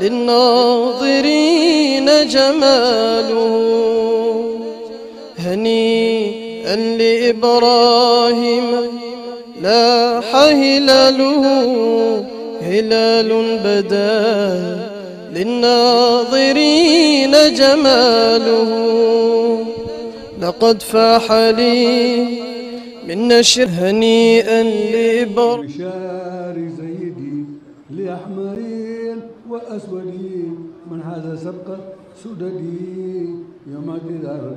للناظرين جماله هنيئا لإبراهيم لاح هلاله هلال بدا للناظرين جماله لقد فاح لي من نشر هنيئا لإبراهيم بشار زيدي لأحمر وأسودي من هذا سبق سددي يوم جدار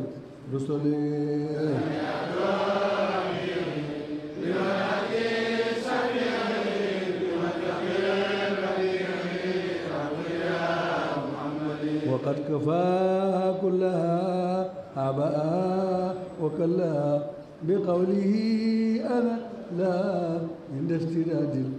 رسولي وقد كفى كلها عباء وكلها بقوله أنا لا عند استدراج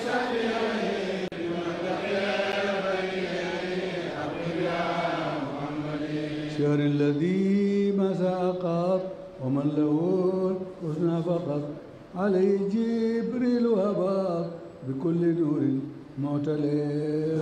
له الحسنى فقط عليه جبريل وهبط بكل نور معتلين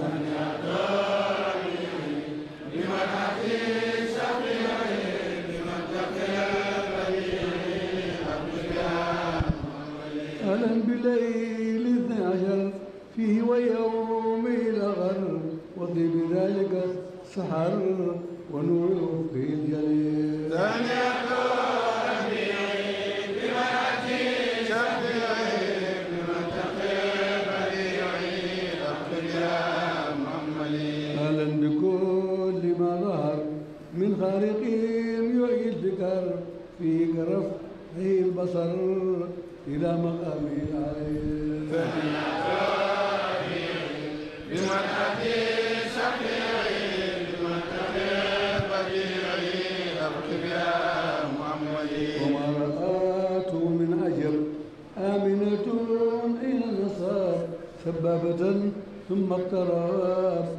أهلا بليل اثنى عشر فيه ويوم الاغر وضي بذلك السحر ونور في الجليل الخارقين يعيد الفكر فيك رفع البصر إلى مقام عليه ففي بمدحة شفيع بمدحة بديع أرحب يا محمد وما رآته من أجر آمنة إلى النصاب سبابة ثم اقترب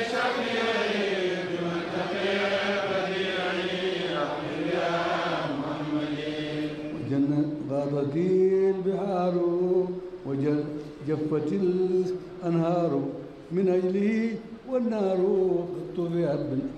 جفت الأنهار من أجله والنار طبعت من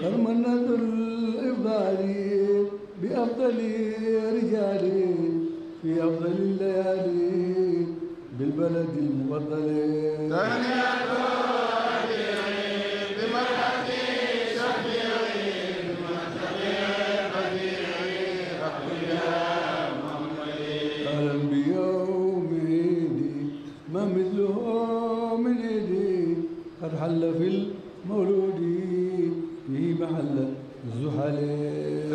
كرمنا الإفضال بأفضل رجالي في أفضل الليالي بالبلد المفضل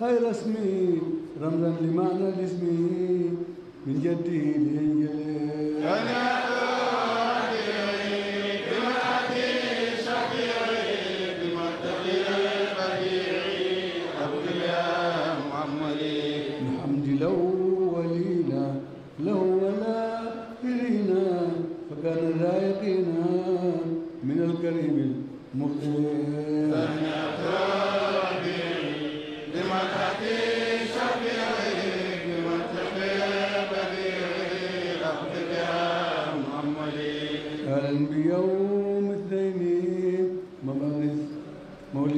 خير اسمي رمزا لمعنى الاسم من جدي لانجلي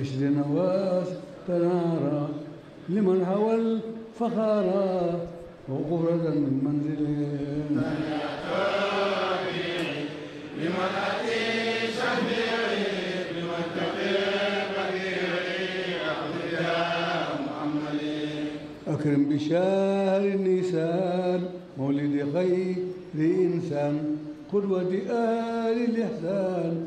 اجلنا واستنارا لمن هوى الفخارا وغردا من منزل لمن أتي شهيري لمن تقي قديري أحمد يا محمد أكرم بشهر النسان مولد خير إنسان قدوة آل الإحسان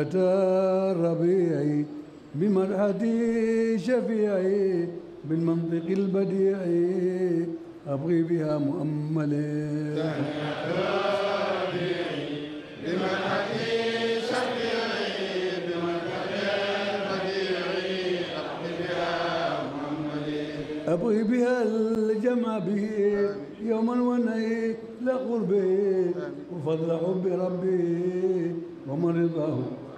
متى ربيعي بمدحتي شفيعي بالمنطق البديع أبغي بها مؤملي ربيعي بمدحتي أبغي بها الجمع به يوما ونهي لقربه وفضل حب ربي ومرضاه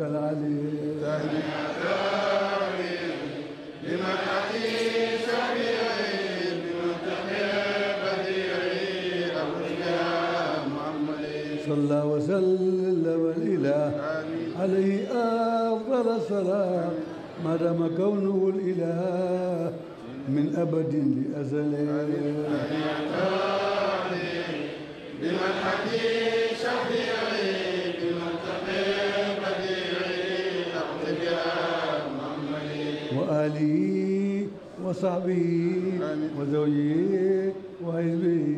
ذاك العليم ذاك لمن أعيش بعين لمن تحب بديعي أولياء محمد صلى وسلم الإله عليه أفضل الصلاة ما دام كونه الإله من أبد لأزل وصحبي وزوجي وحزبي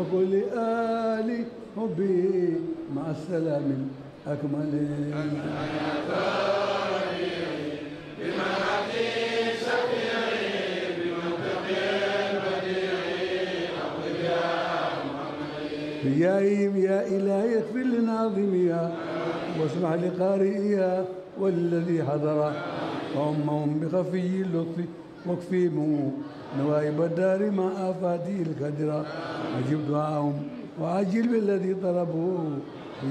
وكل آلي حبي مع السلام الأكمل بمن عزيز شفيعي بمن تقي بديعي يا محمد بيائهم يا إلهي اغفر لناظميها واسمح والذي حضر أمهم بخفي اللطف واكفيهم نوائب الدار مع افادي الكدرة أجب دعاهم وعجل بالذي طلبوه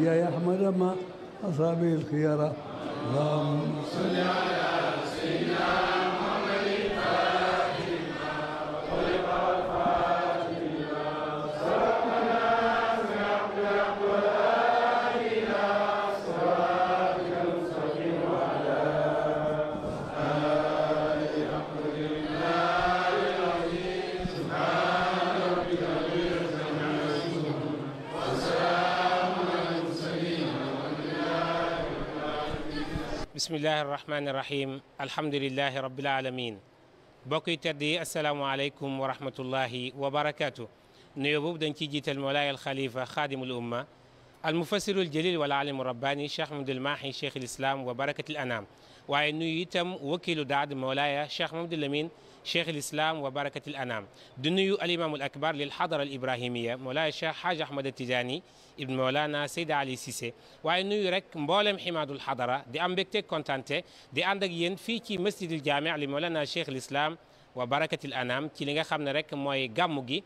يا أحمد ما أصابه الخيارة اللهم صل على سيدنا بسم الله الرحمن الرحيم الحمد لله رب العالمين بقي تدي السلام عليكم ورحمة الله وبركاته نيوبوب دنكي جيت المولاي الخليفة خادم الأمة المفسر الجليل والعالم الرباني شيخ محمد الماحي شيخ الإسلام وبركة الأنام وعنو يتم وكيل داد مولاي شيخ محمد الأمين شيخ الإسلام وبركة الأنام دنيا الإمام الأكبر للحضرة الإبراهيمية مولاي الشيخ حاج أحمد التجاني ابن مولانا سيد علي سيسي وعنو رك مبالم حماد الحضرة دي أمبكتك كونتانتي دي أندق ين فيكي مسجد الجامع لمولانا شيخ الإسلام wa barakatil anam ci li nga xam ne rek mooy gàmmu gi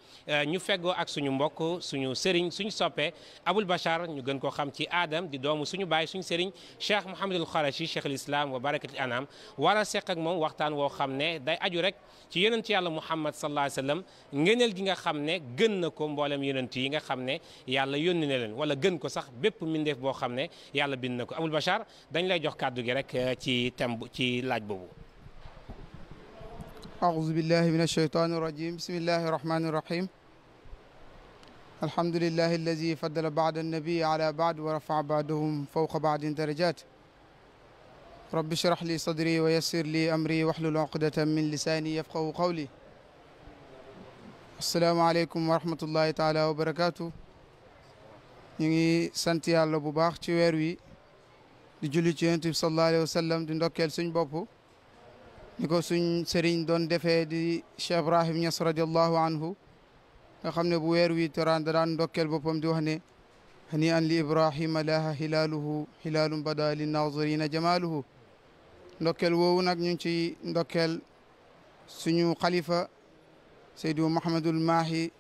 ñu feggoo ak suñu mbokk suñu sëriñ suñu sopé abul bashar ñu gën koo xam ci aadam di doomu suñu baay suñu sëriñ Cheikh Mouhamadul Kharachi Cheikh al Islam wa barakatil anam war a seq ak moom waxtaan woo xam day aju rek ci yonent yàlla Muhammad sallallahu alayhi wasallam sallam ngëneel gi nga xam gën na ko mboolem yonent yi nga xam yàlla yónni na leen wala gën ko sax bépp mbindeef boo xam yàlla bind na ko Aboul Bachar dañ lay jox kàddu gi rek ci thème ci laaj boobu أعوذ بالله من الشيطان الرجيم بسم الله الرحمن الرحيم الحمد لله الذي فضل بعد النبي على بعد ورفع بعدهم فوق بعد درجات رب اشرح لي صدري ويسر لي أمري واحلل عقدة من لساني يفقه قولي السلام عليكم ورحمة الله تعالى وبركاته نيجي سنتي الله بباخ تي ويروي دي جولي صلى الله عليه وسلم دي ندوكل سن بوبو niko suñ sëriñ doon defé di Cheikh Ibrahim Niass radiyallahu anhu nga xamné bu wër wi teraan daan ndokkeel bopam di wax ne hani an li ibrahim laha hilaluhu hilalun bada li nazirina jamaaluhu ndokkeel woowu nak ñu ci ndokkeel suñu xalifa Seydu Mouhamadul Mahi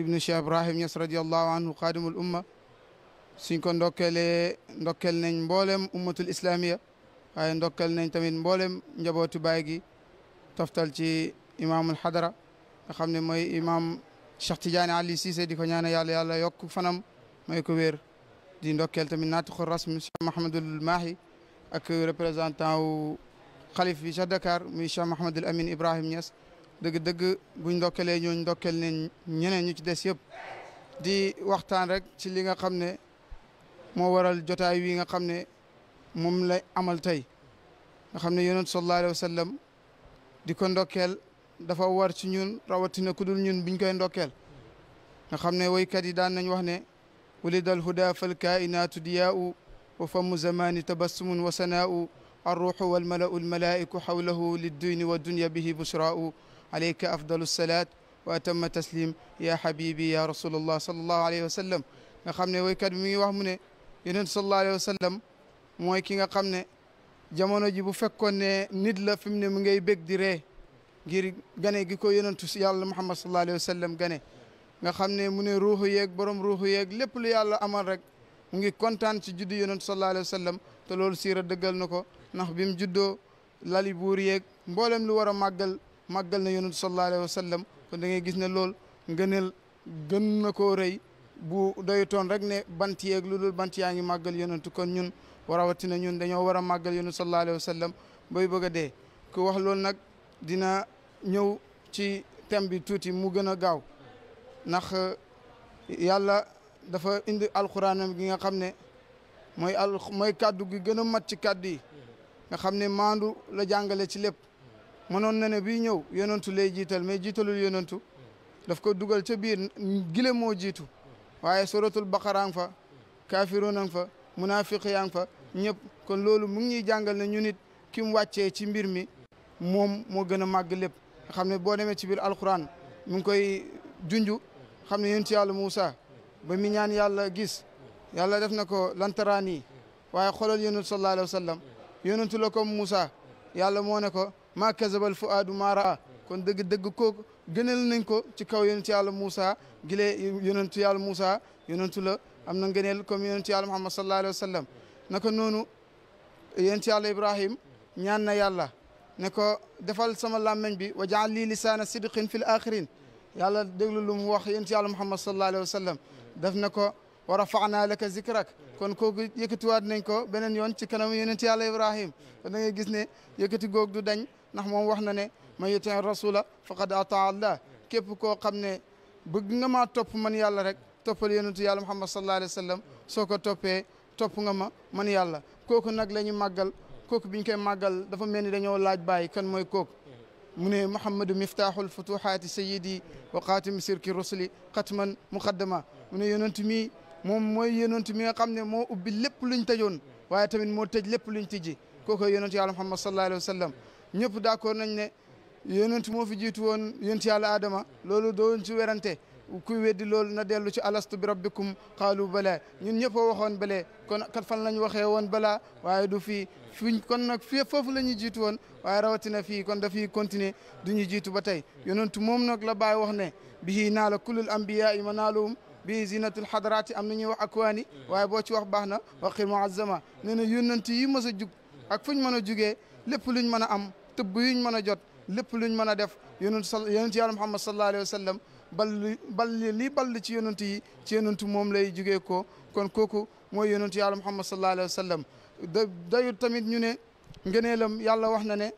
ibnu Cheikh Ibrahim Niass الله عنه xaadimul الامه suñ ko ndokkeelee ndokkeel nañ mboolem ummatul islamiya waaye ndokkel nañ tamit mboolem njabootu baay gi toftal ci imaamul xadara nga xam ne mooy imaam Cheikh Tidiane Ali di ko ñaane yàlla yàlla yokk fanam mooy ko wér di ndokkeel tamit naatiqu rasmi Cheikh Mahamadul Mahi ak représentant wu xalif bi ca Dakar muy Cheikh Mahamadul Amin Ibrahim Niass dëgg buñ ndokkelee ñooñ ndokkeel ne ñeneen ñu ci des yëpp di waxtaan rek ci li nga xam ne moo waral jotaay wi nga ne moom lay amal tey nga xam ne yonent sallallahu alayhi wa sallam di ko dafa war ci ñun rawatina ku ñun biñ koy ndokkeel nga xam ne woykat yi daan nañ wax ne walidal huda fal kainaatu diyaau wa famu zamani tabassumun wa sanaau الروح والملأ الملائك حوله للدين والدنيا به بشراء عليك أفضل الصلاة وأتم تسليم يا حبيبي يا رسول الله صلى الله عليه وسلم nga xam ne woykat bi mi ngi wax mu mooy ki nga xam ne jamono ji bu fekkoon ne nit la fi mu ne mu ngay bég di ree ngir gane gi ko yonentu si yàlla muhammad sallallahu alayhi wa sallam gane nga xam ne mu ne ruuxu yeeg borom ruuxu yeeg lépp lu yàlla amal rek mu ngi kontaan si juddu yonentu sallallahu alayhi wa sallam te loolu siira dëggal na ko ndax bi mu juddoo lali buur yeeg mboolem lu war a màggal màggal na yonentu sallallahu alayhi wa sallam da ngay gis ne loolu ngëneel gën na koo rëy bu toon rek ne bant yeeg lu dul bant yaa ngi màggal yonentu kon ñun warawatina ñun dañoo war a màggal yonu sallallahu alayhi wa sallam bay bëgg a dee ku wax loolu nag dina ñëw ci thème bi tuuti mu gën a gaaw ndax eh, yàlla dafa indi alxuraanam gi nga xam ne mooy al mooy kàddu gi gën a mat ci kàddu yi nga xam ne maandu la jàngale ci lépp mënoon na ne bii ñëw yonantu lay jiital mais jiitalul yonantu daf ko dugal ca biir gile moo jiitu waaye suratul baqara nga fa kaafiruun nga fa munaafiq yaa fa ñëpp kon loolu mu ngi ñuy jàngal ne ñu nit ki mu wàccee ci mbir mi moom moo gën a màgg lépp xam ne boo demee ci biir alquran mu ngi koy junj xam ne yonent yàlla Moussa ba mi ñaan yàlla gis yàlla def na ko lantaraan yi waaye xoolal yonut sallallahu alayhi wa sallam yonentu la ko Moussa yàlla moo ne ko maa kasabal fuaadu maa raa kon dëgg dëgg kooku gënal nañ ko ci kaw yonentu yàlla Moussa gile yonentu yàlla Moussa yonentu la am na ngëneel comme yonentu yàlla Muhammad sallallahu alayhi wa sallam naka noonu yent yàlla ibrahim ñaan na yàlla ne ko defal sama làmmeñ bi wa jaal lii lisaana sidqin fil axirin yàlla déglu lu mu wax yent yàlla muhammad sallallahu alayhi wa sallam def na ko wa rafaana laka zikrak kon kooku yëkkatiwaat nañ ko beneen yoon ci kanam yonent yàlla ibrahim kon da ngay gis ne yëkkati goog du dañ ndax moom wax na ne man yutii rasula faqad ataa allah képp koo xam bëgg nga maa topp man yàlla rek toppal yonentu yàlla muhammad sallallahu alayhi wa sallam soo topp nga ma man yàlla kooku nag la ñu màggal kooku biñ koy màggal dafa mel ni dañoo laaj bàyyi kan mooy kooku mu ne mouhamadu miftaaxul futuhaati sayidi wa xaatimi sirki rusuli xatman muqaddama mu ne yonent mi moom mooy yonent mi nga xam ne moo ubbi lépp luñ tëjoon waaye tamit moo tëj lépp luñ tijji kooku yonent yàlla muhammad sallallahu alayhi wa sallam ñëpp d'accord nañ ne yonent moo fi jiitu woon yonent yàlla aadama loolu doon ci werante kuy weddi loolu na dellu ci alastu bi rabbikum qaalu bala ñun ñëpp a waxoon bale kon kat fan lañ waxee woon bala waaye du fii fiñ kon nag fii foofu lañu ñu jiitu woon waaye rawatina fi kon dafiy continuer du ñu jiitu ba tey yonentu moom nag la bàyyi wax ne bihi naala kullul ma manaaluhum bi zinatul xadaraati am na ñuy wax akwaani waaye boo ci wax baax na waqil muazzama nee na yonent yi mës a jug ak fuñ mën a jugee lépp luñ mën a am tëbb yuñ mën a jot lépp luñ mën a def yonent yonent yàlla Muhammad sallallahu alayhi wa sallam ball ball lii ball ci yonent yi ci yonent moom lay jugee ko kon kooku mooy yonent yàlla muhammad sallallahu alayhi wa sallam da dayut tamit ñu ne ngëneelam yàlla wax na ne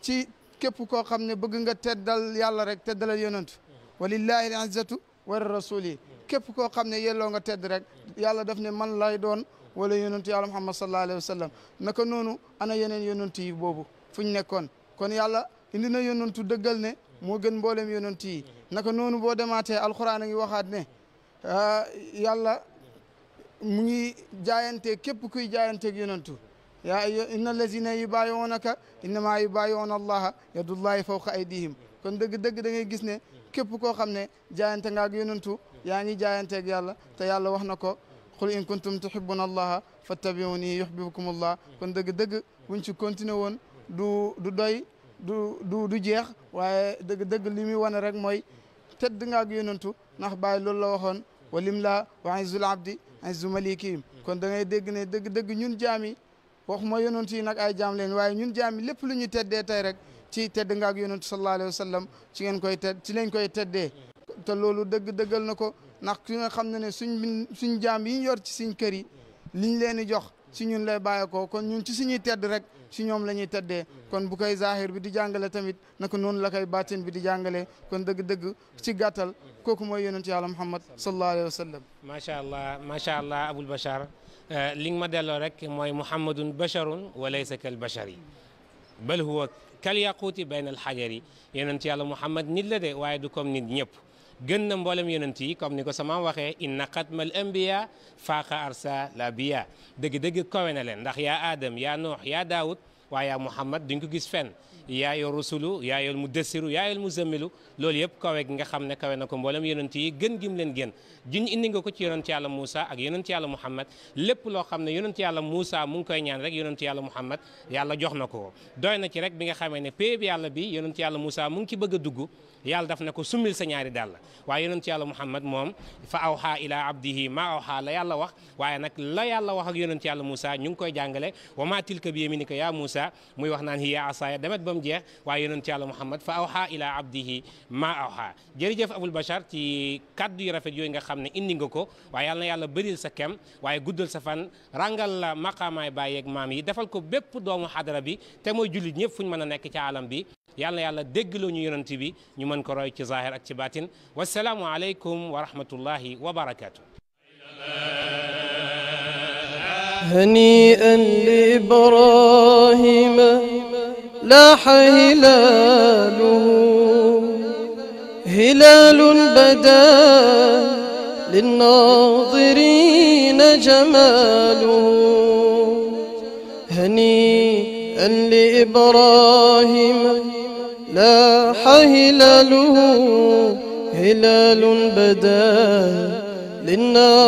ci képp koo xam ne bëgg nga teddal yàlla rek teddalal yonent walillahi képp koo xam ne yelloo nga tedd rek yàlla daf ne man lay doon wala yonent yàlla muhammad sallallahu alayhi wa sallam naka noonu ana yeneen yonent yi boobu fu ñu nekkoon kon yàlla indi na yonentu dëggal ne moo gën mboolem yonent yi naka noonu boo demaatee alxuraan a ngi waxaat ne ah, yàlla mu ngi jaayante képp kuy jaayanteeg yonentu yaa inna allazina yubaayi'uunaka innamaa yubaayi'uuna allaha yadullahi fawqa aydihim kon dëgg-dëgg da ngay gis ne képp koo xam ne jaayante nga ak yonentu yaa ngi jaayanteeg yàlla te yàlla wax na ko qul in kuntum tuhibbuna allaha fattabi'uuni yuhbibkum allah kon dëgg-dëgg buñ ci continuer woon du du doy du du du jeex waaye dëgg dëgg li muy wane rek mooy tedd nga ak yonantu ndax bàyyi loolu la waxoon walim la wa izul abdi izu malikiim kon da ngay dégg ne dëgg dëgg ñun jaam yi waxuma yonantu yi nag ay jaam leen waaye ñun jaam yi lépp lu ñu teddee tey rek ci tedd nga ak yonantu sallallahu alayhi wa sallam ci ngeen koy tedd ci lañ koy teddee te loolu dëgg dëggal na ko ndax ki nga xam ne ne suñ suñ jaam yi yor ci suñ kër yi liñ leen jox ci ñun lay bàyyeekoo kon ñun ci suñuy tedd rek ci ñom lañuy teddé kon bu koy zahir bi di jàngale tamit nak non la koy baatin bi di jàngale kon dëgg-dëgg ci gàttal kooku mooy yonent yàlla muhammad sallallahu alayhi wasallam ma sha allah ma sha allah abul bashar liñ ma délo rek moy muhammadun basharun wa laysa kal bashari bal huwa kal yaquti bayna al xajari yonent yàlla muhammad nit la de waye du comme nit ñëpp gën mbolam mboolem yonent yi comme niko sama waxe inna khatmal anbiya faaqa arsa la biya deug degg na len ndax ya Adam ya nuh ya daoud wa ya Muhammad duñ ko gis fen ya yor rusulu ya yor mudassiru ya yaa muzammilu lol yeb loolu yëpp nga xamne ne kawe na ko mboolem yonent yi gën gim leen gën juñ indi nga ko ci yonent yàlla musa ak yonent yàlla Muhammad lépp lo xamne ne yonent yàlla musa mu ngi koy ñaan rek yonent yàlla Muhammad yàlla jox nako doyna ci rek bi nga xamne péeb yàlla bi yonent yàlla musa mu ngi ci bëgg duggu yàlla daf ne ko summil sa ñaari dàll waaye yonent yàlla muhammad moom fa awxaa ilaa abdihi maa awxaa la yàlla wax waaye nag la yàlla wax ak yonent yàlla Moussa ñu ngi koy jàngale wa maa tilka bi yaminika yaa Moussa muy wax naan hiya asaaya demet ba mu jeex waaye yonent yàlla muhammad fa awxaa ilaa abdihi maa awxaa jërëjëf Abul Bachar ci kaddu yu rafet yooyu nga xam ne indi nga ko waaye yàlla yàlla bëril sa kem waaye guddal sa fan rangal la maqaamaay baay yeeg maam yi defal ko bépp doomu xadara bi te mooy jullit ñëpp fu ñu mën ci alam bi yàlla yàlla déggloo ñu yonent bi من كرويك ظاهر اكتبات والسلام عليكم ورحمة الله وبركاته هنيئا لإبراهيم لاح هلاله هلال بدا للناظرين جماله هنيئا لإبراهيم لاح هلاله هلال بدا للنار